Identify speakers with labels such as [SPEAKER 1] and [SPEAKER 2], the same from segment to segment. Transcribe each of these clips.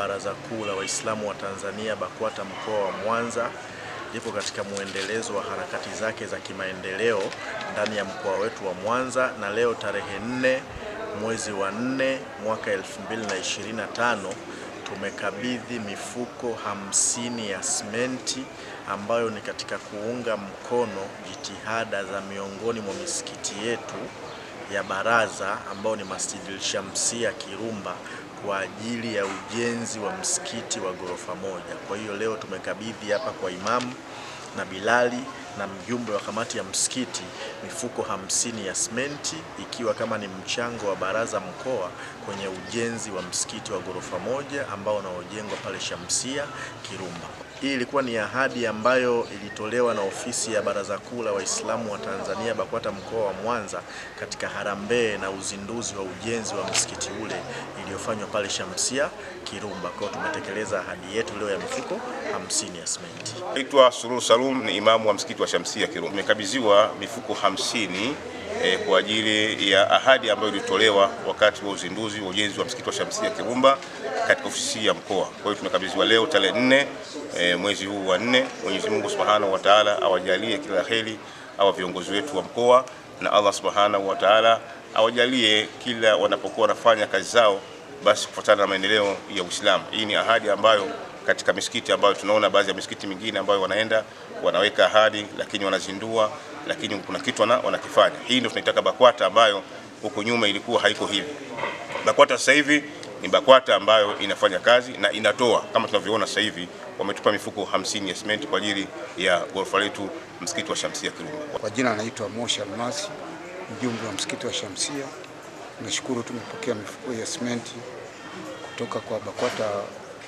[SPEAKER 1] Baraza Kuu la Waislamu wa Tanzania BAKWATA mkoa wa Mwanza lipo katika mwendelezo wa harakati zake za kimaendeleo ndani ya mkoa wetu wa Mwanza, na leo tarehe nne mwezi wa nne mwaka 2025 tumekabidhi mifuko hamsini ya simenti ambayo ni katika kuunga mkono jitihada za miongoni mwa misikiti yetu ya baraza ambao ni Masjidil Shamsia Kirumba kwa ajili ya ujenzi wa msikiti wa ghorofa moja. Kwa hiyo leo tumekabidhi hapa kwa Imamu na Bilali na mjumbe wa kamati ya msikiti mifuko hamsini ya simenti ikiwa kama ni mchango wa baraza mkoa kwenye ujenzi wa msikiti wa ghorofa moja ambao unaojengwa pale Shamsia Kirumba. Hii ilikuwa ni ahadi ambayo ilitolewa na ofisi ya Baraza Kuu la Waislamu wa Tanzania BAKWATA mkoa wa Mwanza katika harambee na uzinduzi wa ujenzi wa msikiti ule iliyofanywa pale Shamsia Kirumba. Kwa tumetekeleza ahadi yetu leo ya mifuko hamsini ya simenti.
[SPEAKER 2] Naitwa Suluhu Salum, ni imamu wa msikiti wa Shamsia Kirumba. Tumekabidhiwa mifuko hamsini eh, kwa ajili ya ahadi ambayo ilitolewa wakati wa uzinduzi wa ujenzi wa msikiti wa Shamsia Kirumba katika ofisi ya mkoa. Kwa hiyo tumekabidhiwa leo tarehe nne eh, mwezi huu wa nne. Mwenyezi Mungu Subhanahu wa Ta'ala awajalie kila heri hawa viongozi wetu wa mkoa na Allah Subhanahu wa Ta'ala awajalie kila wanapokuwa wanafanya kazi zao basi kufuatana na maendeleo ya Uislamu. Hii ni ahadi ambayo katika misikiti ambayo tunaona baadhi ya misikiti mingine ambayo wanaenda wanaweka ahadi, lakini wanazindua, lakini kuna kitu wanakifanya. Hii ndio tunaitaka BAKWATA ambayo huko nyuma ilikuwa haiko hivi. BAKWATA sasa hivi ni BAKWATA ambayo inafanya kazi na inatoa kama tunavyoona sasa hivi wametupa mifuko hamsini ya simenti kwa ajili ya ghorofa letu msikiti wa Shamsia Kirumba.
[SPEAKER 3] Kwa jina anaitwa Moshi Almasi, mjumbe wa msikiti wa Shamsia. Nashukuru tumepokea mifuko ya simenti kutoka kwa BAKWATA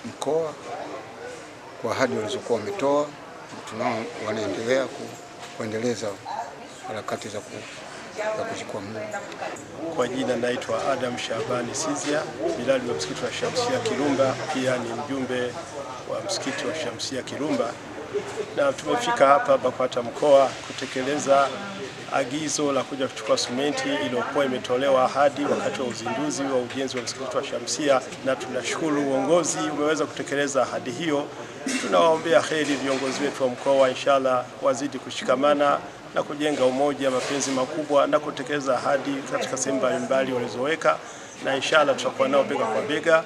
[SPEAKER 3] mkoa kwa ahadi walizokuwa wametoa. Tunao wanaendelea ku, kuendeleza harakati za ku
[SPEAKER 4] Kwa jina naitwa Adam Shabani Sizia Bilali wa msikiti wa Shamsia Kirumba, pia ni mjumbe wa msikiti wa Shamsia Kirumba na tumefika hapa BAKWATA mkoa kutekeleza agizo la kuja kuchukua simenti iliyokuwa imetolewa ahadi wakati wa uzinduzi wa ujenzi wa msikiti wa Shamsia, na tunashukuru uongozi umeweza kutekeleza ahadi hiyo. Tunawaombea heri viongozi wetu wa mkoa, inshallah wazidi kushikamana na kujenga umoja, mapenzi makubwa na kutekeleza ahadi katika sehemu mbalimbali walizoweka, na inshallah tutakuwa nao bega kwa bega.